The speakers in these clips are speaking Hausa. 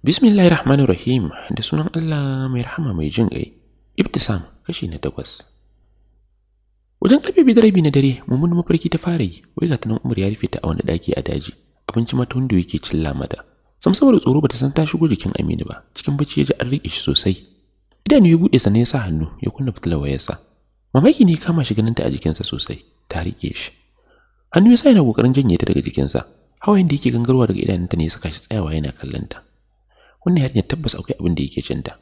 Bismillahirrahmanirrahim da sunan Allah mai rahama mai jin ƙai. Ibtisam kashi na takwas. Wajen ƙarfe da rabi na dare mummuna mafarki ta fara yi wai ga tunan Umar ya rufe ta a wani ɗaki a daji abinci mata wanda yake cilla mata. Sam saboda tsoro bata san ta shigo jikin Aminu ba cikin bacci ya ji an riƙe shi sosai. Idanu ya buɗe sannan ya sa hannu ya kunna fitilar wayarsa. mamaki ne kama shi ganin ta a jikinsa sosai ta riƙe shi hannu ya sa yana ƙoƙarin janye ta daga jikinsa hawa da yake gangarwa daga idanunta ne ya saka shi tsayawa yana kallon ta wannan yarinya tabbas akwai abin da yake cinta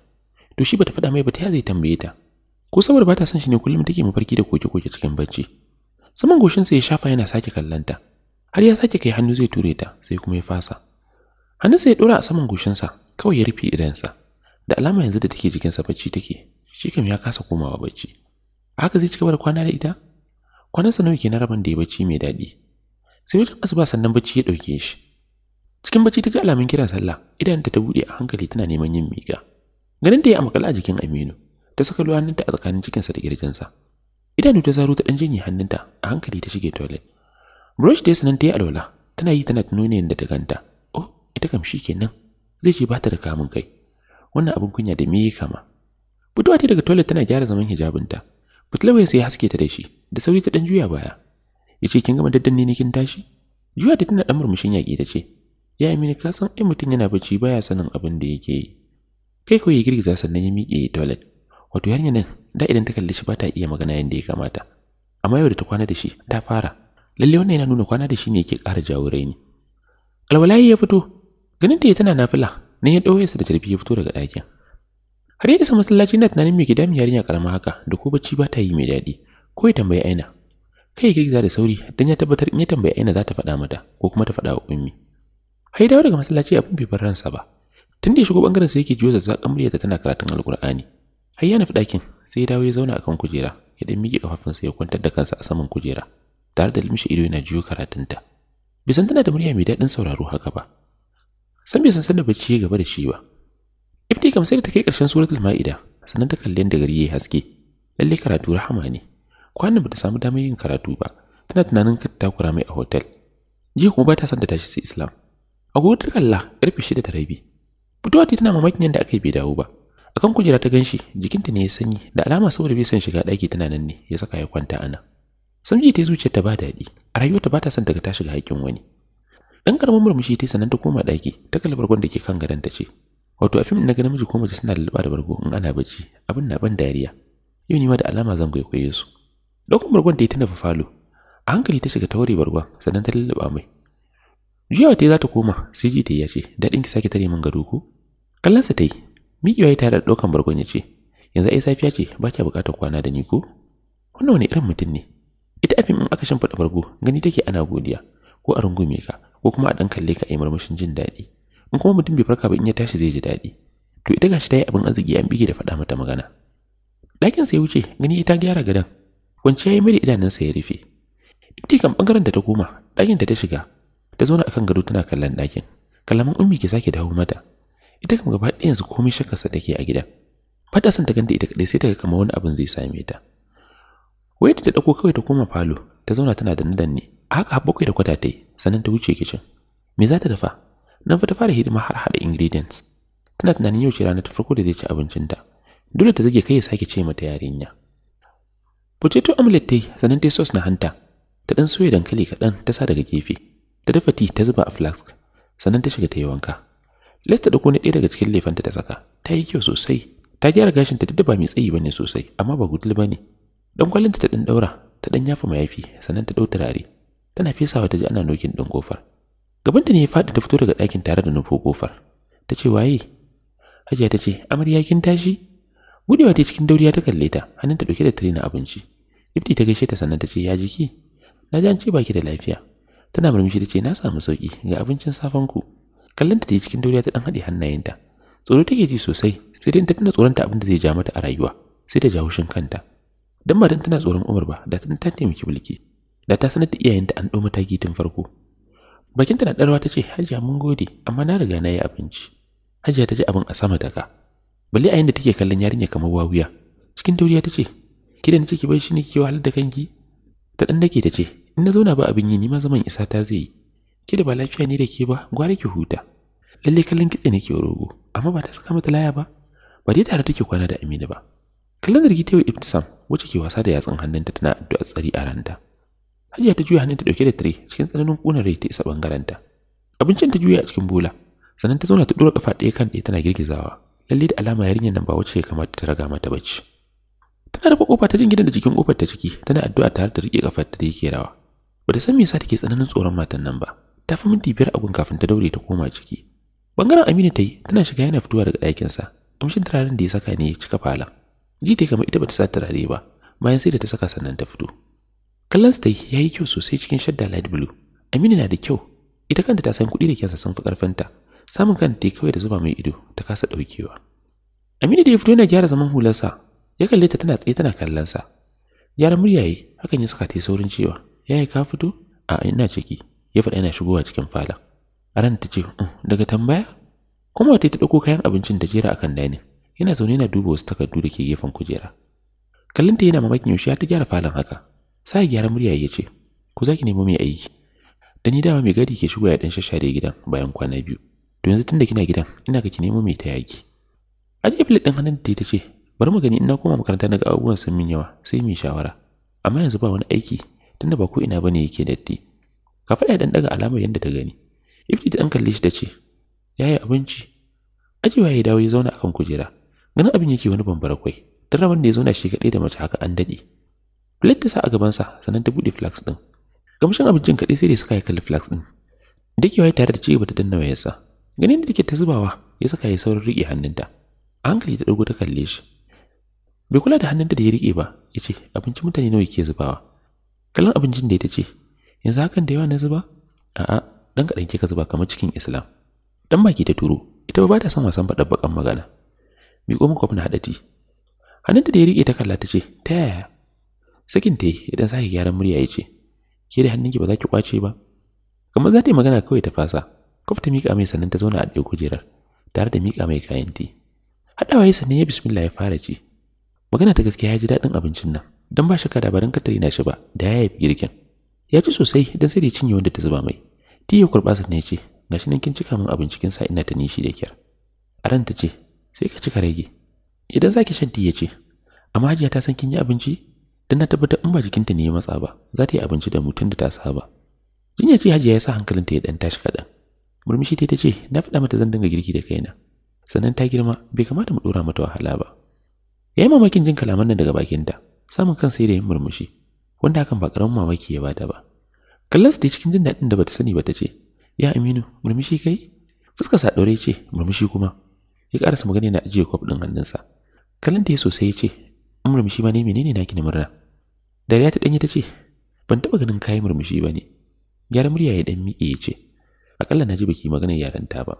to shi bata faɗa mai ba ta ya zai tambaye ta ko saboda bata son shi ne kullum take mafarki da koke-koke cikin bacci saman goshinsa ya shafa yana sake kallon ta har ya sake kai hannu zai ture ta sai kuma ya fasa hannunsa ya ɗora a saman goshinsa kawai ya rufe idansa da alama yanzu da take jikinsa bacci take shi kam ya kasa komawa bacci haka zai ci gaba da kwana da ita kwanan sa nawa kenan rabon da ya bacci mai daɗi sai wajen asuba sannan bacci ya dauke shi cikin bacci ta ji alamun kiran sallah idan ta buɗe a hankali tana neman yin miƙa ganin da ya makala a jikin Aminu ta saka ruwa ta a tsakanin cikinsa da ƙirjinsa. idanu ta zaro ta ɗan janye hannunta a hankali ta shige toilet brush da ya sanan ta yi alwala tana yi tana nuna yadda ta ganta oh ita kam shi kenan zai ce bata da kamun kai wannan abin kunya da me ya kama fitowa ta daga toilet tana gyara zaman hijabinta ya sai haske ta da shi da sauri ta dan juya baya Ya ce kin gama daddan ne kin tashi juya ta tana dan murmushin yaƙi ta ce ya amini ka san ai mutum yana bacci baya sanin abin da yake yi kai ko ya girgiza sannan ya miƙe ya toilet wato yarinya nan da idan ta kalli shi ba ta iya magana yadda ya kamata amma yau da ta kwana da shi ta fara lalle wannan yana nuna kwana da shi ne yake ƙara jawo raini alwalayi ya fito ganin ta tana nafila nan ya ɗauye sa da tarfi ya fito daga ɗakin har ya isa masallaci na tunanin me gida yarinya karama haka da ko bacci ba ta yi mai daɗi ko ya tambayi aina kai girgiza da sauri don ya tabbatar in ya tambayi aina za ta faɗa mata ko kuma ta faɗa wa ummi hai dawo daga masallaci abin bai bar ransa ba tun da ya shigo bangaren sai yake jiyo amriya ta tana karatun alkur'ani har ya nufi ɗakin sai ya dawo ya zauna akan kujera ya dan miƙe kafafunsa ya kwantar da kansa a saman kujera tare da limshi ido yana jiyo karatunta bisan tana da murya mai daɗin sauraro haka ba san bai san sanda bacci gaba da shi ba Ifti kam sai da ta kai ƙarshen suratul Ma'ida, sannan ta kalli yadda gari yayi haske. Lalle karatu rahama ne. Kwanan bata samu damar yin karatu ba, tana tunanin kar takura mai a hotel. ji kuma ba ta son ta tashi sai Islam. A ta Allah ƙarfe shida da rabi. Fitowa ta tana mamakin yadda aka yi bai dawo ba. Akan kujera ta ganshi, jikinta ne ya sanyi, da alama saboda bai son shiga ɗaki tana nan ne, ya saka ya kwanta ana. Samji ta zuciyar ta ba daɗi, a rayuwarta ba ta son daga ta shiga haƙƙin wani. Dan karamin murmushi ta sanan ta koma daki ta kalbar ke kan gadon ce, wato a fim na ga namiji ko mace suna lulluɓa da bargo in ana bacci abin na ban dariya yau ni ma da alama zan kwaikwaye su ɗaukan bargon da ya tana fafalo a hankali ta shiga ta wuri bargon sannan ta lulluɓa mai jiya wata za ta koma sai ji ta ya ce daɗin ki sake tare min gado ko kallonsa ta yi miƙewa ya tare da ɗaukan bargon ya ce yanzu ai safiya ce ba kya buƙatar kwana da ni ko wannan wani irin mutum ne ita fim in aka shimfiɗa bargo gani take ana godiya ko a rungume ka ko kuma a ɗan kalle ka a yi murmushin jin daɗi in kuma mutum bai farka ba in ya tashi zai ji daɗi to ita gashi ta yi abin arziki an bige da faɗa mata magana ɗakin sa ya wuce gani ita gyara gadon kwanciya ya mai idanun idanunsa ya rufe ita kan bangaren da ta koma ɗakin da ta shiga ta zauna akan gado tana kallon ɗakin kalaman ummi ke sake dawo mata ita kan gaba ɗaya yanzu komai shakarsa take a gidan fata san ta ganta ita kadai sai ta ga kamar wani abin zai same ta wai ta dauko kawai ta koma falo ta zauna tana da nadan ne haka har bakwai da kwata sannan ta wuce kicin me za ta dafa na fa ta fara hidima har hada ingredients tana tunanin yau ce rana ta farko da zai ci abincinta dole ta zage kai ya sake ce mata yarinya potato omelet ta yi sannan ta sauce na hanta ta dan soya dankali kaɗan ta sa daga gefe ta dafa tea ta zuba a flask sannan ta shiga ta yi wanka les ta ɗauko na ɗaya daga cikin lefanta ta saka ta yi kyau sosai ta gyara gashinta duk da ba mai tsayi bane sosai amma ba gutul bane dan kwalinta ta dan daura ta dan yafa mayafi sannan ta dau turare tana fesawa ta ji ana nokin dan kofar Gaban gabanta ne ya faɗi ta fito daga ɗakin tare da nufo kofar ta ce waye hajiya ta ce amarya kin tashi gudewa ta cikin dauriya ta kalle ta hannunta ɗauke da tare na abinci ifti ta gaishe ta sannan ta ce ya jiki na ji an ce baki da lafiya tana murmushi ta ce na samu sauki ga abincin safen ku kallon ta ta yi cikin dauriya ta ɗan haɗe hannayenta tsoro take ji sosai sai dai ta tana tsoron ta abin da zai ja mata a rayuwa sai ta ja hushin kanta dan madan tana tsoron Umar ba da ta taimaki bulki da ta sanar da iyayenta an ɗau mataki tun farko bakinta na ɗarwa ta ce hajiya mun gode amma na riga na yi abinci hajiya ta ji abin a sama taka. balle a yanda take kallon yarinya kamar wawiya cikin dauriya ta ce ki da ni ki bai shi ne ke wahalar da kanki ta dan dake ta ce in na zauna ba abin yi ni ma zaman isa ta zai yi ki da ba lafiya ne da ke ba gwara ki huta lalle kallon kitse ne ke rogo amma ba ta saka mata laya ba ba dai tare take kwana da Amina ba kallon da rigitewa Ibtisam wacce ke wasa da yatsun hannunta tana addu'a tsari a ranta Hajiya ta juya hannunta dauke da tire cikin tsananin kunan rai ta isa bangaranta. Abincin ta juya a cikin bola, sannan ta zauna ta dora kafa ɗaya kan ɗaya tana girgizawa. Lalle da alama yarinyar nan ba wacce ya kamata ta raga mata bacci. Tana rufe kofa ta jin gidan da jikin kofar ta ciki, tana addu'a tare da rike kafar ta da yake rawa. Bata san me yasa take tsananin tsoron matan nan ba. Ta fi minti biyar a gun kafin ta daure ta koma ciki. Bangaren Aminu ta yi, tana shiga yana fitowa daga sa Amshin turaren da ya saka ne cika fala Ji ta kamar ita bata sa turare ba, bayan sai da ta saka sannan ta fito. Kallonsa ta ya yi kyau sosai cikin shadda light blue. Aminu na da kyau, ita kanta ta san kuɗi da kyansa sun fi ƙarfinta. Samun kanta ta kawai da zuba mai ido ta kasa ɗaukewa. Aminu da ya fito yana gyara zaman hularsa, ya kalle ta tana tsaye tana kallonsa. Gyaran murya yi, hakan ya saka ta yi saurin cewa, ya yi ka fito? A ina ciki, ya faɗa yana shigowa cikin falon. A ran ta ce, mm, daga tambaya? Kuma wata ta ɗauko kayan abincin da jera akan dani yana zaune yana duba wasu takardu da ke gefen kujera. Kallonta yana mamakin yaushe ta gyara falon haka, sai gyara murya ya ce ku zaki nemo mai aiki da ni dama mai gadi ke shigo ya dan shashare gidan bayan kwana biyu to yanzu tunda kina gidan ina ga ki nemo mai tayaki aje plate din hannun ta ce bari mu gani ina koma makaranta ga abubuwan sun min yawa sai mu shawara amma yanzu ba wani aiki tunda ba ko ina bane yake datti ka faɗa dan daga alamar yanda ta gani ifti ta dan kalle shi ta ce yayi abinci ajewa ya dawo ya zauna akan kujera ganin abin yake wani bambara kwai duk da ya zauna shi kaɗai da mace haka an daɗe plate ta sa a gabansa sannan ta buɗe flax ɗin gamshin abincin kaɗai sai da suka yi kalli flax ɗin Dake wai tare da cigaba bata danna wayarsa ganin da take ta zubawa ya saka ya saurin riƙe hannunta a hankali ta ɗago ta kalle shi bai kula da hannunta da ya riƙe ba ya ce abincin mutane nawa ke zubawa kallon abincin da ya ce yanzu hakan da yawa na zuba a'a dan kaɗan ka zuba kamar cikin islam dan baki ta turo ita ba ta son wasan faɗa bakan magana miƙo min kwaf na haɗa hannunta da ya riƙe ta kalla ta ce ta yaya sakin ta yi idan sake gyaran murya ya ce ke da hannunki ba za ki kwace ba kamar za ta yi magana kawai ta fasa kof ta miƙa mai sannan ta zauna a ɗaya kujerar tare da miƙa mai kayan ti haɗawa ya sannan ya bismillah ya fara ci magana ta gaskiya ya ji daɗin abincin nan don ba shi da barin katari na shi ba da ya yi girkin ya ci sosai don sai da cinye wanda ta zuba mai ti ya kurɓa sannan ya ce shi nan kin cika min abinci kin sa ina ta nishi da kyar a ran ta ce sai ka cika rage idan zaki shan ti ya ce amma hajiya ta san kin yi abinci don na tabbatar in ba jikinta ne ya matsa ba za ta yi abinci da mu tun da ta saba jinya ce hajiya ya sa hankalinta ya dan tashi kaɗan murmushi ta ce na faɗa mata zan dinga girki da kaina sannan ta girma bai kamata mu ɗora mata wahala ba ya yi mamakin jin kalaman nan daga bakinta samun kan sai da yin murmushi wanda hakan ba ƙaramin mamaki ya bata ba kallon su ta cikin jin daɗin da bata sani ba ta ce ya aminu murmushi kai Fuska sa ɗaure ce murmushi kuma ya karasa magana na ajiye kwaf ɗin hannunsa kallon ya sosai ya ce murmushi ba ne menene naki na murna dariya ta yi ta ce ban taba ganin kayan murmushi ba ne gyaran murya ya dan miƙe ya ce akalla na ji baki magana yaran ta ba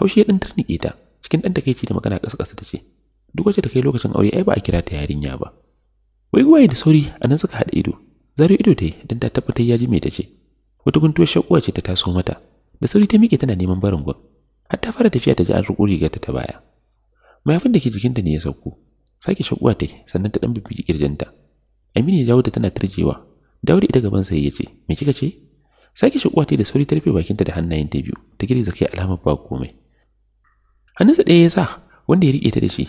haushi ya dan tarnike ta cikin dan takeici da magana ƙasa-ƙasa ta ce duk wacce ta kai lokacin aure ai ba a kira ta yarinya ba wai guwaye da sauri a nan suka haɗa ido zaro ido ta yi don ta tabbatar ya ji me ta ce wata guntuwar shakuwa ce ta taso mata da sauri ta miƙe tana neman barin gwam har ta fara tafiya ta ji an riƙo rigarta ta baya mayafin da ke jikinta ne ya sauko sake shakuwa ta sannan ta dan bibi kirjinta Aminu ya dawo tana turjewa Daudi ita gaban sai ya ce me kika ce sake shakuwa ta da sauri ta rufe bakinta da hannayen ta biyu ta girgiza kai alamar ba komai hannunsa ɗaya ya sa wanda ya rike ta da shi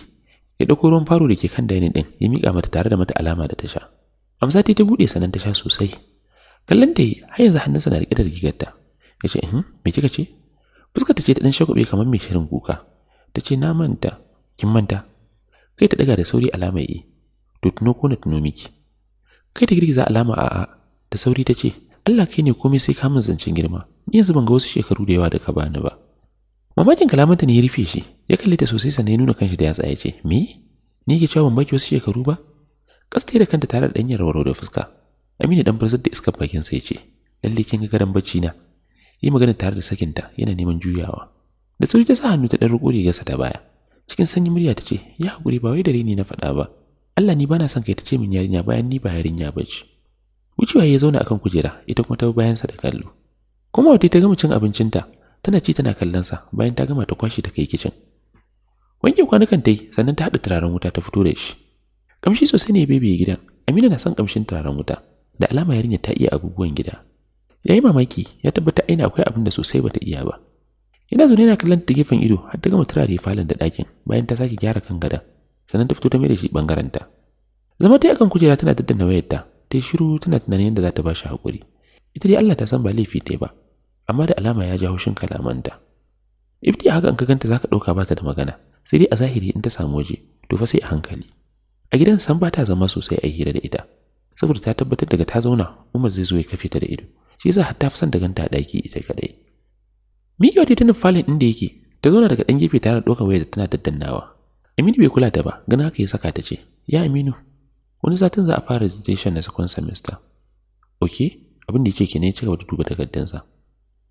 ya dauko ruwan faro da ke kan dainin din ya mika mata tare da mata alama da ta sha amsa ta buɗe, sannan ta sha sosai kallon ta yi har yanzu hannunsa na rike da rigarta ya ce hmm, me kika ce fuskar ta ce ta dan shagwabe kamar mai shirin kuka ta ce na manta kin manta kai ta daga da sauri alama yi eh. to tuno ko na tuno miki kai ta girgiza alama a A. da sauri ta ce Allah kai ne komai sai ka mun zancen girma ni yanzu ban ga wasu shekaru da yawa da ka bani ba mamakin kalamanta ne ya rufe shi ya kalli ta sosai sannan ya nuna kanshi da yatsa ya ce me ni ke cewa ban baki wasu shekaru ba kasta da kanta tare da danyar waro da fuska Amina dan barzar da iskar bakin sa ya ce lalle kin ga garan bacci na yi magana tare da sakinta yana neman juyawa da sauri ta sa hannu ta dan riko sa ta baya cikin sanyin murya ta ce ya haƙuri ba wai dare ne na faɗa ba Allah ni bana son kai ta ce min yarinya bayan ni ba yarinya ba ce wucewa ya zauna akan kujera ita kuma ta bayan sa da kallo kuma wata ta gama cin abincinta tana ci tana kallon sa bayan ta gama ta kwashe ta kai kicin wanke kwanukan ta yi sannan ta haɗa turaren wuta ta fito da shi kamshi sosai ne bebe gidan Amina na son kamshin turaren wuta da alama yarinya ta iya abubuwan gida yayi mamaki ya tabbata aina akwai abin da sosai bata iya ba Ina zaune na kallon ta gefen ido har ta gama turare falon da ɗakin bayan ta sake gyara kan gada sannan ta fito ta mai shi ɓangaren Zama ta yi akan kujera tana daddana wayarta ta yi shiru tana tunanin yadda za ta ba shi haƙuri. Ita dai Allah ta san ba laifi ta ba amma da alama ya ja haushin kalamanta. Ifti haka in ka ganta za ka ɗauka ba ta da magana sai dai a zahiri in ta samu waje to fa sai a hankali. A gidan san ba ta zama sosai a hira da ita saboda ta tabbatar daga ta zauna Umar zai zo ya kafe ta da ido. Shi yasa har ta fi son da ganta a ɗaki ita kaɗai. Miƙewa ta tunin falin inda yake, ta zauna daga ɗan gefe tare da ɗaukar wayar da tana daddannawa. Aminu bai kula da ba, gana haka ya saka ta ce, Ya Aminu, wani satin za a fara registration na second semester. Ok, abin da ya ce kenan ya gaba da duba takardansa.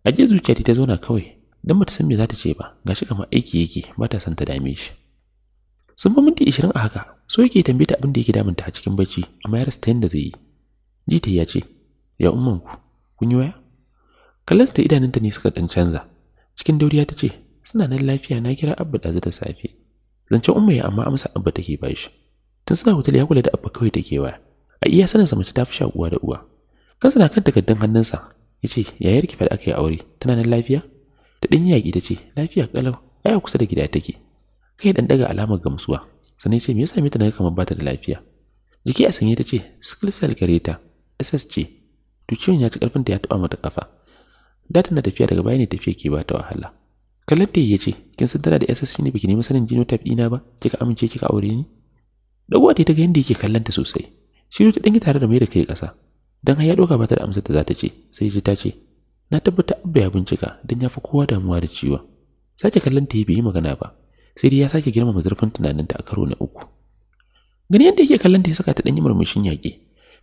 A jiya zuciya ta zauna kawai, don ba san me za ta ce ba, gashi kamar aiki yake ba ta san ta dame shi. Sun ba minti ishirin a haka, so yake tambaye ta abin da yake damunta a cikin bacci, amma ya rasa ta yadda zai yi. Jita ya ce, Ya umman ku, kun yi waya? Kalas ta idanunta ne suka dan canza, cikin dauriya ta ce suna nan lafiya na kira abba ɗazu da safe zance umma ya amma amsa abba take ba shi tun suna hotel ya kula da abba kawai take wa a iya sanin sa mace ta fi uwa da uwa kansa na kan takardun hannunsa ya ce yayar ki da aka yi aure tana nan lafiya ta ɗan yaki ta ce lafiya kalau aya kusa da gida take kai dan daga alamar gamsuwa sannan ce me yasa mita naga kamar bata da lafiya jiki a sanye ta ce sickle cell gare ta ss ce to ciwon ya ci karfin ta ya taba mata kafa da tana tafiya daga baya tafiya ke ba ta wahala kalatte ya ce kin tana da SSC ne biki masanin sanin genotype dina ba kika amince kika aure ni dagwa ta ga yanda yake kallanta sosai shiru ta dinki tare da mai da kai ƙasa dan har ya doka ba ta da amsa da za ta ce sai ji ta ce na tabbata abba ya bincika dan ya fi kowa damuwa da ciwon sake kallon ya bai yi magana ba sai dai ya sake girma girmama zurfin tunaninta a karo na uku gani yadda yake kallanta ya saka ta danyi murmushin yaƙi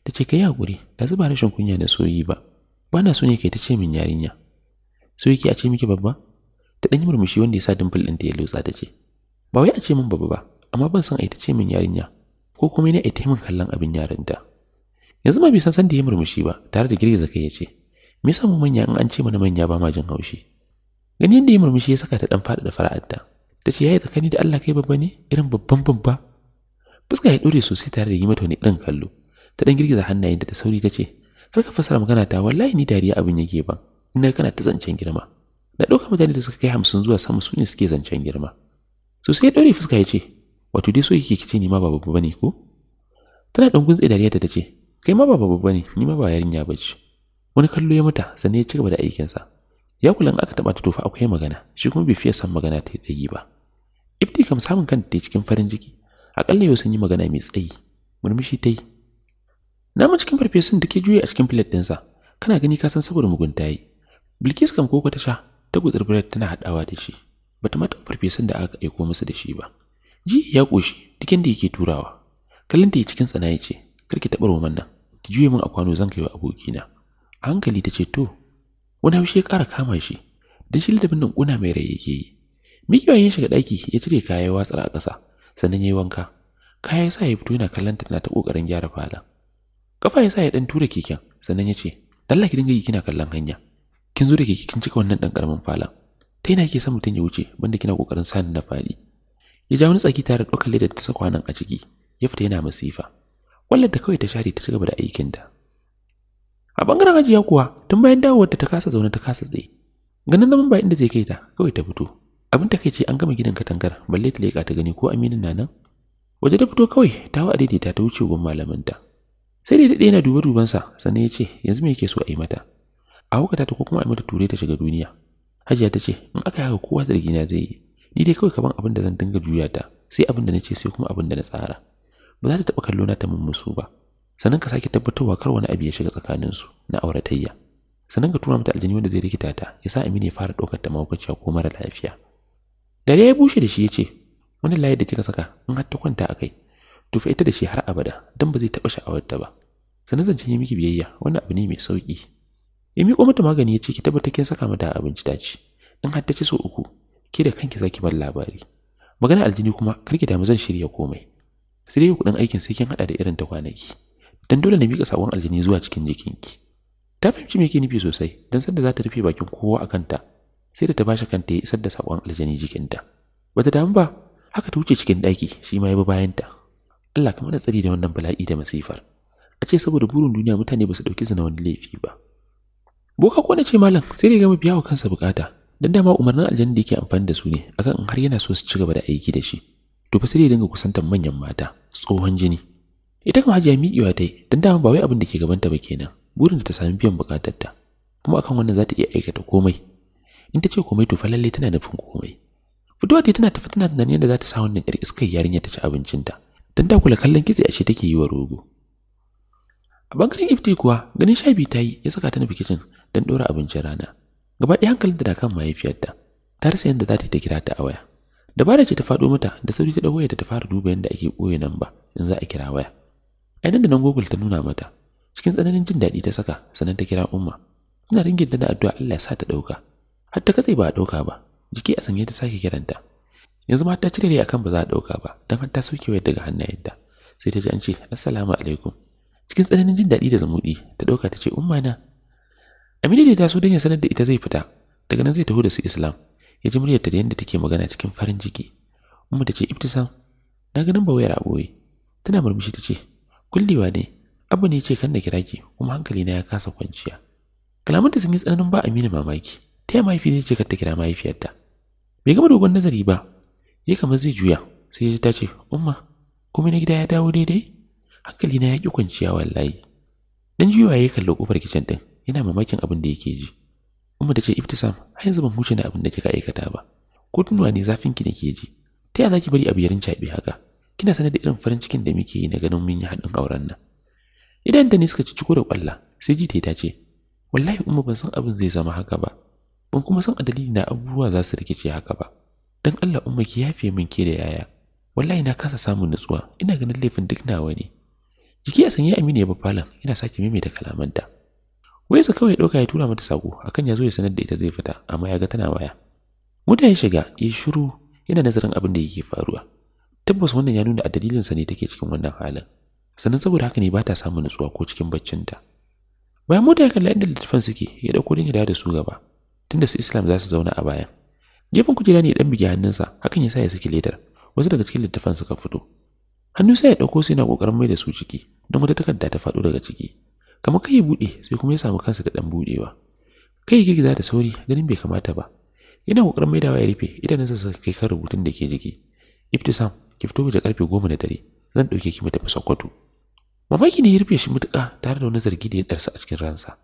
ta ce kai hakuri da zuba rashin kunya da soyi ba bana na so ne ta ce min yarinya so yake a ce miki babba ta dan yi murmushi wanda ya sa dimple ta ya lotsa ta ce ba wai a ce min babba ba amma ban san a ta ce min yarinya ko kuma ne a ta min kallon abin yarinta yanzu ma bai san san da ya murmushi ba tare da girgiza kai ya ce me yasa mu manya in an ce mana manya ba ma jin haushi gani yadda ya murmushi ya saka ta dan fada da fara'ar ta ce yayi tsakani da Allah kai babba ne irin babban babba fuska ya dore sosai tare da yi mata wani irin kallo ta dan girgiza hannayen da sauri ta ce kar ka fasara magana ta wallahi ni dariya abin yake ban ina kana ta zancen girma na ɗauka mutane da suka kai hamsin zuwa sama su ne suke zancen girma so sai ɗaure fuska ya ce wato dai so yake kici ni ma ba babu bane ko tana ɗan guntse dariya ta ce kai ma ba babu bane ni ma ba yarinya bace wani kallo ya mata sannan ya cigaba da aikin sa ya kula aka taba ta tofa akwai magana shi kuma bai fiye san magana ta tsayi ba ifti kam samun kanta ta cikin farin ciki akalla yau sun yi magana mai tsayi murmushi ta yi Namun cikin farfesun da ke juye a cikin plate ɗinsa, kana gani ka san saboda mugunta yi. Bilkis kam koko ta sha, ta gutsir bread tana haɗawa da shi. Ba ta mata farfesun da aka aiko masa da shi ba. Ji ya ƙoshi, dukin da yake turawa. Kallon ta yi cikin tsana ya ce, karki taɓa roman nan, ki juye min a kwano zan kai wa abokina. A hankali ta ce to, wani haushi ya ƙara kama shi, don shi littafin nan ƙuna mai rai yake yi. Mikiwa ya shiga ɗaki ya cire kayan ya watsar a ƙasa, sannan ya yi wanka. Kayan ya sa ya fito yana kallon ta tana ta ƙoƙarin gyara falon. kafa ya sa ya dan tura keken sannan ya ce dalla ki dinga yi kina kallon hanya kin zo da keke kin cika wannan dan karamin falon ta yana yake son mutum ya wuce banda kina kokarin sani na fadi ya ja wani tsaki tare da ɗaukar da ta saka nan a ciki ya fita yana masifa wallar da kawai ta share ta cigaba da aikin ta a bangaren ajiya kuwa tun bayan dawowar ta kasa zaune ta kasa tsaye ganin zaman ba inda zai kai ta kawai ta fito abin ta kai ce an gama gidan katangar balle ta leka ta gani ko aminin na nan waje da fito kawai ta wa daidaita ta wuce gun ta sai da daɗe yana duba dubansa sannan ya ce yanzu mai ke so a yi mata a hukata ta ko kuma a yi mata ture ta shiga duniya hajiya ta ce in aka yi haka kowa zargina zai yi ni dai kawai kaban abin da zan dinga juya ta sai abin da na ce sai kuma abin da na tsara ba za ta taɓa kallo na ta mummusu ba sannan ka sake tabbatarwa kar wani abu ya shiga tsakaninsu na auratayya sannan ka tura mata aljini wanda zai rikita ta ya sa Aminu ya fara ɗaukar ta mahaukaciya ko mara lafiya dare ya bushe da shi ya ce wani layi da kika saka in har ta kwanta a kai fa ita da shi har abada dan ba zai taɓa sha'awarta ba sannan zan yi miki biyayya wannan abu ne mai sauki ya miƙo mata magani ya ce ki tabbata kin saka mata abinci ta ci in har ta ci so uku ke da kanki zaki bar labari magana aljini kuma kar ki damu zan shirya komai sai dai kuɗin aikin sai kin haɗa da irin ta kwanaki dan dole na miƙa sabon aljini zuwa cikin jikinki ta fahimci me yake nufi sosai dan sanda za ta rufe bakin kowa a kanta sai da ta bashi kanta ya isar da sabon aljini jikinta bata damu ba haka ta wuce cikin ɗaki shi ma ya bi bayanta Allah kamar da tsari da wannan bala'i da masifar a ce saboda burin duniya mutane ba su ɗauki zina wani laifi ba boka ko na ce malam sai dai gama biya wa kansa bukata dan dama umarnin aljanna da yake amfani da su ne akan in har yana so su ci gaba da aiki da shi to fa sai dai dinga kusantar manyan mata tsohon jini ita kuma hajiya miƙewa ta yi dan dama ba wai abin da ke gabanta ba kenan burin da ta sami biyan ta. kuma akan wannan za ta iya aikata komai in ta ce komai to fa lalle tana nufin komai fitowa tana tafi tana tunanin yadda za ta sa wannan yar iska yarinya ta ci abincinta don dakula kallon kitse ashe take yi wa rogo a bangaren ifti kuwa ganin shabi biyu ta yi ya saka ta nufi kicin don ɗora abincin rana gaba ɗaya hankalin da kan mahaifiyarta ta rasa yadda za ta yi ta kira ta a waya dabara ce ta faɗo mata da sauri ta ɗau da ta fara duba yadda ake ɓoye ba in za a kira waya ainihin da nan google ta nuna mata cikin tsananin jin daɗi ta saka sannan ta kira umma ina ringin da addu'a Allah ya sa ta ɗauka har ta katse ba a ɗauka ba jiki a sanye ta sake kiranta yanzu ma ta cire dai akan ba za a dauka ba don har ta sauke wayar daga hannayenta sai ta ji an ce assalamu alaikum cikin tsananin jin daɗi da zamuɗi. ta dauka ta ce umma na Aminu da ta so don ya sanar da ita zai fita daga nan zai taho da su Islam ya ji muryarta da yadda take magana cikin farin ciki umma ta ce Ibtisam na ganin ba wayar a tana murmushi ta ce kullewa ne abu ne ce kan da kira ki kuma hankali na ya kasa kwanciya kalamanta sun yi tsananin ba Aminu mamaki ta yaya mahaifi zai ce kar ta kira mahaifiyarta bai gama dogon nazari ba ya kamar zai juya sai ya ta ce umma kuma na gida ya dawo daidai hankali na ya ki kwanciya wallahi dan juyawa ya kalli kofar kicin din yana mamakin abin da yake ji umma ta ce iftisam har yanzu ban huce da abin da kika aikata ba ko tunuwa ne zafin ki ke ji ta yaya zaki bari abu ya rinca haka kina sanar da irin farin cikin da muke yi na ganin mun yi haɗin auren nan idan da ne suka ci ciko da kwalla sai ji ta ce wallahi umma ban san abin zai zama haka ba ban kuma san a dalili na abubuwa za su rikice haka ba dan Allah umma ki yafe min ke da yaya wallahi na kasa samun nutsuwa ina ganin laifin duk nawa ne jiki ya sanya Aminu ya bafalan ina mimi maimaita kalamanta sa kawai dauka ya tura mata sako akan ya zo ya sanar da ita zai fita amma ya ga tana waya muda ya shiga ya shiru yana nazarin abin da yake faruwa tabbas wannan ya nuna a dalilin sa ne take cikin wannan halin sannan saboda haka ne ba ta samun nutsuwa ko cikin baccinta bayan muda ya kalla inda littafan suke ya dauko dinga da su gaba tunda su islam za su zauna a bayan gefen kujera ne ya dan bige hannunsa hakan ya sa ya saki ledar wasu daga cikin littafan suka fito hannu sai ya dauko sai na kokarin mai da su ciki don wata takarda ta fado daga ciki kamar kai ya buɗe sai kuma ya samu kansa da dan buɗewa kai ya girgiza da sauri ganin bai kamata ba yana kokarin maidawa ya rufe idanunsa suka kai kan rubutun da ke jiki iftisam ki fito waje karfe goma na dare zan ɗauke ki mu tafi sokoto mamaki ne ya rufe shi mutuka tare da wani zargi da ya a cikin ransa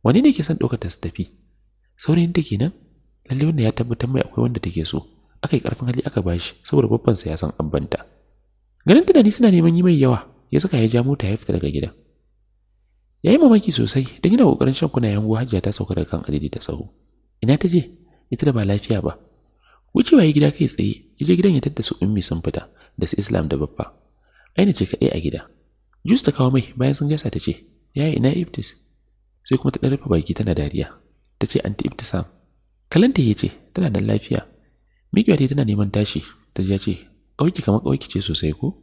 wani ne ke son daukar ta su tafi saurayin take kenan lalle wannan ya tabbatar mai akwai wanda take so aka yi karfin hali aka bashi saboda babban sa ya san abbanta ganin tunani suna neman yi mai yawa ya saka ya ja mota ya fita daga gidan ya yi mamaki sosai don yana kokarin shan kuna yango hajjia ta sauka daga kan adadi ta sahu ina ta je ita da ba lafiya ba wucewa ya gida kai tsaye ya je gidan ya tadda su ummi sun fita da su islam da babba aina ce kaɗai a gida jus ta kawo mai bayan sun gaisa ta ce yaya ina iftis? sai kuma ta ɗan rufe baki tana dariya ta ce anti iftisam kalanta ya ce tana da lafiya mikiwa ta tana neman tashi ta ji ya ce ƙauki kamar ƙauki ce sosai ko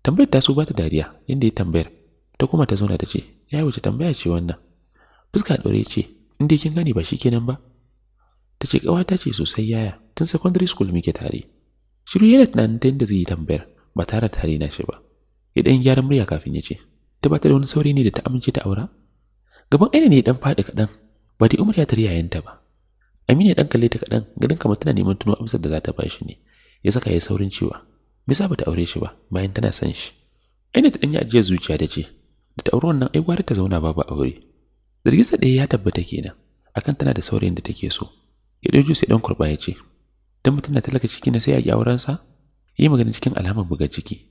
tambayar ta so ba ta dariya yadda ya tambayar ta kuma ta zauna ta ce ya wuce tambaya ce wannan fuska ɗore ce inda kin gani ba shi kenan ba ta ce ƙawata ce sosai yaya tun secondary school muke tare shiru yana tunanin ta yadda zai yi tambayar ba tare da tare na shi ba ya ɗan gyara murya kafin ya ce ta ba ta da wani saurayi ne da ta amince ta aura gaban aina ne ya ɗan faɗi kaɗan ba dai umar ya tare yayanta ba Aminu ya dan kalle ta kaɗan ganin kamar tana neman tuno amsar da za ta bashi ne ya saka ya saurin cewa me yasa bata aure shi ba bayan tana san shi aina ta danya ajiya zuciya da ce da ta aure wannan ai gwara ta zauna babu aure Zargisa ɗaya ya tabbata kenan akan tana da saurayin da take so ya ɗauki sai ɗan kurba ya ce dan mutum na talaka ciki na sai ya auren sa yi magana cikin alamar buga ciki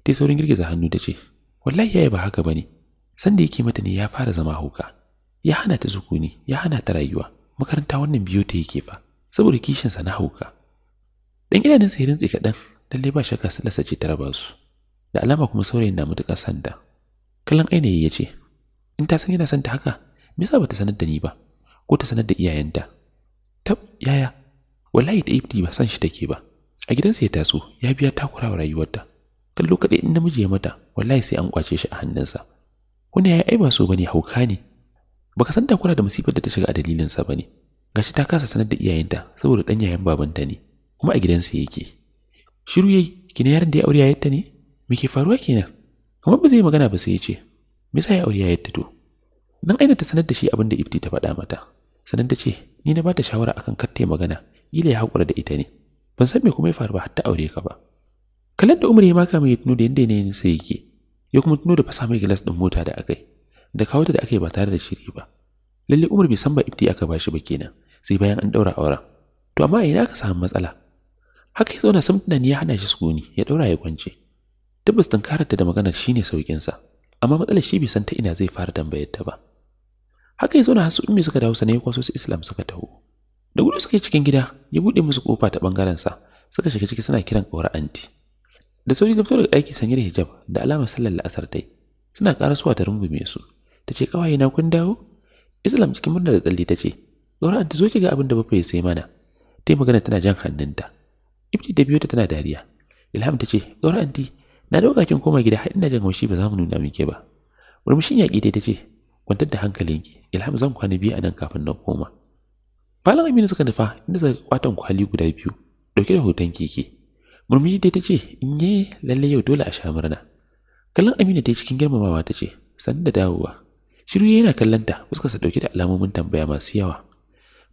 ta saurin girgiza hannu da ce wallahi yayi ba haka bane san da yake mata ne ya fara zama huka. ya hana ta zukuni ya hana ta rayuwa makaranta wannan biyo ta yake fa saboda kishinsa na hauka dan idanunsa ya rintse kaɗan lalle ba shakka sallarsa ce ta raba su da alama kuma saurayin na matuƙa santa kallon ainihi ya ce in ta san yana san ta haka me yasa bata sanar da ni ba ko ta sanar da iyayenta tab yaya wallahi da ifti ba san shi take ba a gidan gidansa ya taso ya biya takura wa rayuwarta kallo kaɗai in namiji ya mata wallahi sai an kwace shi a hannunsa wani ya yi ai ba so bane hauka ne baka san takura da musibar da ta shiga a dalilinsa ba ne gashi ta kasa sanar da iyayenta saboda dan yayan babanta ne kuma a gidansa yake shiru yayi kina yaran da ya aure yayarta ne me ke faruwa kenan kamar ba zai magana ba sai ya ce me ya aure yayarta to dan aina ta sanar da shi abin da ifti ta faɗa mata sanan ta ce ni na bata shawara akan kattai magana ila ya hakura da ita ne ban san me kuma ya faru ba har ta aure ka ba kallon da umar ya maka mai tuno da yanda yanayin sa yake ya kuma tuno da fasa mai gilas din mota da akai da kawo da aka yi ba tare da shiri ba lalle Umar bai san ba ifti aka ba shi ba kenan sai bayan an daura auren to amma ina ka samu matsala haka ya zauna sam tunani ya hana shi sukuni ya daura ya kwance tabbas tunkarar ta da maganar shine saukin sa amma matsalar shi bai san ta ina zai fara tambayar ta ba haka ya zauna hasu ummi suka dawo sanai ya kwaso su Islam suka taho da gudu suka cikin gida ya bude musu kofa ta bangaren sa suka shiga ciki suna kiran kawar anti da sauri da fito daga ɗaki sanye da hijab da alamar sallar la'asar tai suna ƙara suwa ta rungume su ta ce ƙawaye na kun dawo islam cikin murna da tsalli ta ce zora ta zo ki ga abin da bafa ya sai mana ta yi magana tana jan hannunta ibti da biyu ta tana dariya ilham ta ce zora anti na dauka kin koma gida har ina jan haushi ba za mu nuna miki ba murmushin yaki dai ta ce kwantar da hankalinki ilham zan kwana biyu a nan kafin na koma falon aminu suka nufa inda ka kwatan kwali guda biyu dauke da hoton keke murmushi dai ta ce in yi lalle yau dole a sha murna kallon aminu ta cikin girmamawa ta ce sannu da dawowa shiru yana kallanta fuskarsa dauke da alamomin tambaya masu yawa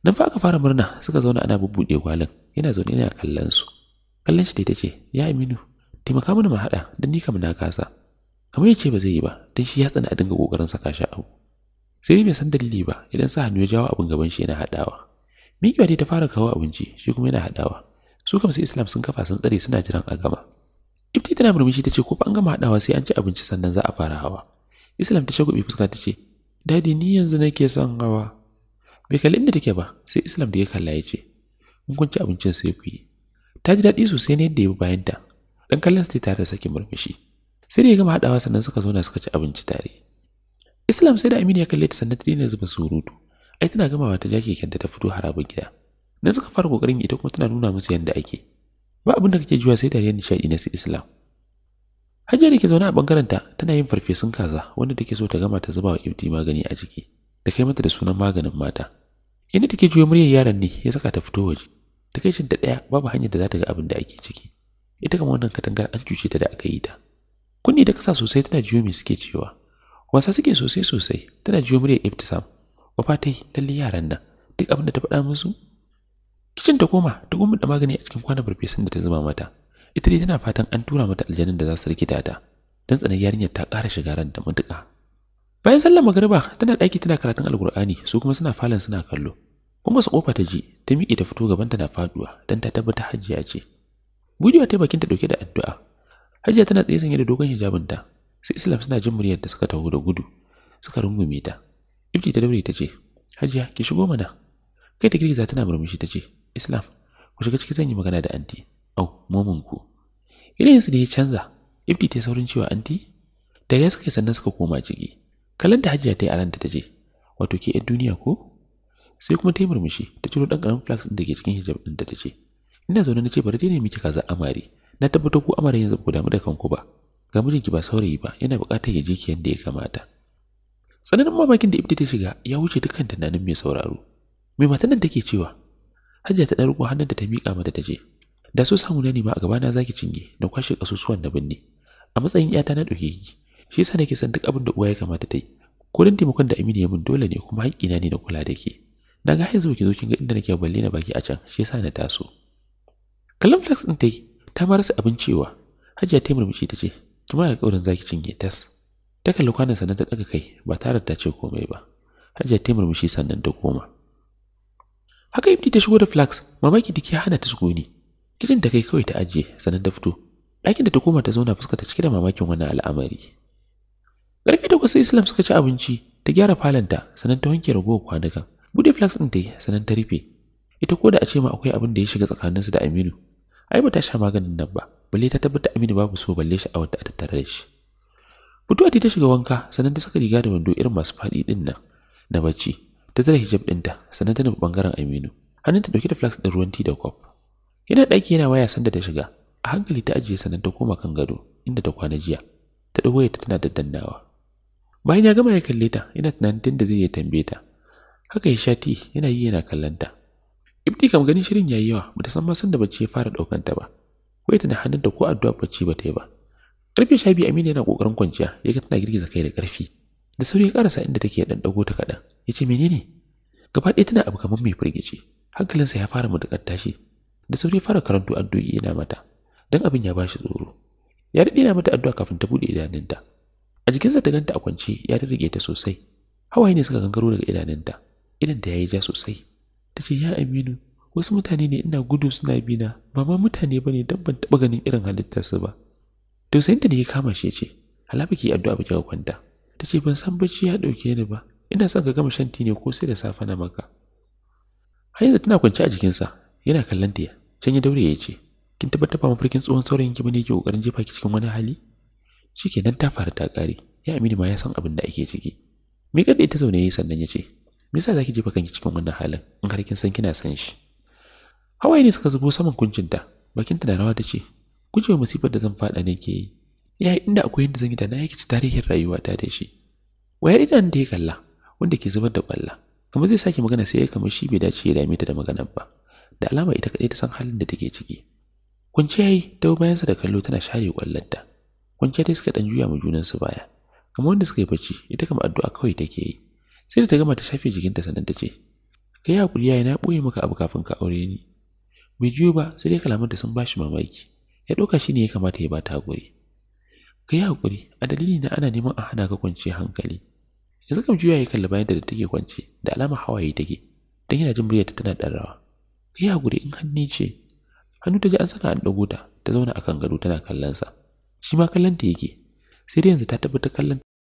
nan fa aka fara murna suka zauna ana bubbude gwalin yana zaune yana kallon su kallon shi ta ce ya aminu taimaka mana mu haɗa dan ni kam na kasa kamar yace ba zai yi ba dan shi ya tsana a dinga kokarin saka shi abu sai bai san dalili ba idan sa hannu ya jawo abin gaban shi yana haɗawa miki dai ta fara kawo abinci shi kuma yana haɗawa su kam sai islam sun kafa sun tsare suna jiran a gama ifti tana murmushi ta ce ko an gama haɗawa sai an ci abinci sannan za a fara hawa islam ta shagwabe fuska ta ce dadi ni yanzu nake son hawa bai kalli inda take ba sai islam da ya kalla ya ce in kun abincin sai ku yi ta ji daɗi sosai ne yadda ya bi bayan ta dan kallon su tare da sakin murmushi sai da ya gama haɗawa sannan suka zauna suka ci abinci tare islam sai da aminu ya kalle ta sannan ta daina zuba surutu ai tana gamawa ta ja keken ta fito harabar gida nan suka fara kokarin ita kuma tana nuna musu yadda ake ba abin da kake juwa sai da nishaɗi na su islam Hajiya da ke zaune a ta tana yin farfesun kaza wanda take so ta gama ta zuba wa Ifti magani a ciki da kai mata da sunan maganin mata. Inda take juya muryar yaron ne ya saka ta fito waje. Ta kai ta ɗaya babu hanyar da za ta ga abin da ake ciki. Ita kama wannan katangar an cuce ta da aka yi ta. Kunni da kasa sosai tana juyo me suke cewa. Wasa suke sosai sosai tana juyo muryar Iftisam. Wafa ta yi lalle yaran nan duk abin da ta faɗa musu. Kicin ta koma ta gumi da magani a cikin kwanan farfesun da ta zuba mata. ita dai tana fatan an tura mata aljanin da za su rikita ta don tsanar yarinyar ta ƙara shiga ran da matuƙa bayan sallar magariba tana ɗaki tana karatun alkur'ani su kuma suna falon suna kallo kuma su kofa ta ji ta miƙe ta fito gaban tana faduwa don ta tabbata hajiya ce budewa ta bakin ta dauke da addu'a hajiya tana tsaye sanye da dogon hijabin ta sai islam suna jin muryar da suka taho da gudu suka rungume ta ibti ta daure ta ce hajiya ki shigo mana kai ta girgiza tana murmushi ta ce islam ku shiga ciki zan yi magana da anti au mominku su da ya canza ifti ta saurin cewa anti da ya suka sannan suka koma ciki kallon da hajiya ta yi a ranta ta je wato ke 'yan duniya ko sai kuma ta yi murmushi ta ciro ɗan ƙaramin flax ɗin da ke cikin hijab da ta ce ina zaune na ce bari dai ne miki kaza amari na tabbatar ko amari yanzu ku damu da kanku ba ga mijinki ba saurayi ba yana buƙatar ya je ki yadda ya kamata tsananin mamakin da ifti ta shiga ya wuce dukkan tunanin mai sauraro mai matan nan take cewa hajiya ta ɗan riko hannunta ta miƙa mata ta ce da su samu na ma a gabana zaki cinye da kwashe kasusuwan da binne a matsayin iyata na ɗauke yi, shi yasa nake san duk abin da uwa ya kamata ta yi ko taimakon da Aminu ya min dole ne kuma na ne na kula da ke na ga yanzu ki zo kin ga inda nake balle na baki a can shi yasa na taso kallon flex din yi ta ma rasa abin cewa Hajiya ta murmushi ta ce ki ma alƙawarin zaki cinye tas ta kalli kwanan sannan ta daga kai ba tare da ta ce komai ba Hajiya ta murmushi sannan ta koma haka ibni ta shigo da flax mamaki da hana ta shigo ne Kicin da kai kawai ta ajiye sannan ta fito. Ɗakin da ta koma ta zauna fuskata ta cike da mamakin wani al'amari. Ƙarfi takwas kusa Islam suka ci abinci ta gyara falonta sannan ta wanke ragowar kwanukan. Bude flax ɗin ta yi sannan ta rufe. Ita ko da a ce ma akwai abin da ya shiga tsakaninsu da Aminu. Ai ba ta sha maganin nan ba. Balle ta tabbata Aminu babu so balle sha'awar ta a tattare da shi. Fituwa ta shiga wanka sannan ta saka riga da wando irin masu faɗi ɗin nan na bacci. Ta zara hijab ɗinta sannan ta nufi ɓangaren Aminu. Hannunta ɗauke da flax ɗin ruwan tea da kwaf. Yana ɗaki yana waya sanda ta shiga. A hankali ta ajiye sannan ta koma kan gado inda ta kwana jiya. Ta ɗago ta tana daddannawa. Bayan ya gama ya kalle ta, yana tunanin tunda zai iya tambaye ta. Haka ya sha ti yana yi yana kallon ta. Ibti kam ganin shirin ya yi yawa, bata san ma sanda bacci ya fara ɗaukan ta ba. Wai tana hannun ta ko addu'a bacci ba ta yi ba. Karfe sha biyu Aminu yana kokarin kwanciya, ya ga tana girgiza kai da ƙarfi. Da sauri ya karasa inda take dan dago ta kaɗan. Ya ce menene? Gaba ɗaya tana abu kamar mai firgici. Hankalinsa ya fara mutukar tashi da sauri fara karanto addu'o'i yana mata dan abin ya bashi tsoro ya daɗe na mata addu'a kafin ta buɗe idanunta a jikinsa ta ganta a kwance ya rike ta sosai hawaye ne suka gangaro daga idanunta idan ta yayi ja sosai ta ce ya aminu wasu mutane ne ina gudu suna bi na ba ma mutane bane dan ban taɓa ganin irin su ba to sai ta ne ya kama shi ce halaba ki addu'a ba ka kwanta ta ce ban san bacci ya dauke ni ba ina son ka gama shan ne ko sai da safe na maka Hadiza tana kwance a jikinsa yana kallon ta can ya daure ya ce kin tabbatar ba mafarkin tsohon saurayin ki bane yake kokarin jefa ki cikin wani hali shikenan ta fara ta kare ya amini ma ya san abin da ake ciki me kada ta zaune yayi sannan ya ce me yasa zaki jefa kanki cikin wannan halin in har kin san kina san shi hawaye ne suka zubo saman kuncinta bakinta na rawa ta ce gujewa musibar da zan fada ne ke yi ya inda akwai yadda zan yi da na yake ci tarihin rayuwata da shi wayar idan da ya kalla wanda ke zubar da kwalla kamar zai sake magana sai ya kamar shi bai dace ya dame ta da maganar ba da alama ita kadai ta san halin da take ciki kunce yayi ta bayansa da kallo tana share kwallonta kunce dai suka dan juya mu junan su baya kamar wanda suka yi bacci ita kama addu'a kawai take yi sai da ta gama ta shafe jikinta sannan ta ce kai hakuri yayi na boye maka abu kafin ka aure ni bai juyo ba sai dai da sun bashi mamaki ya ɗauka shi ne ya kamata ya bata hakuri kai hakuri a dalili na ana neman a hana ka kwanciyar hankali yanzu kam juya ya kalli bayan da take kwance da alama hawaye take don yana jin muryarta tana ɗan rawa ka yi in hannu ce hannu ta ji an saka an ɗago ta ta zauna akan gado tana kallon sa shi ma kallon yake sai dai yanzu ta tabbata kallon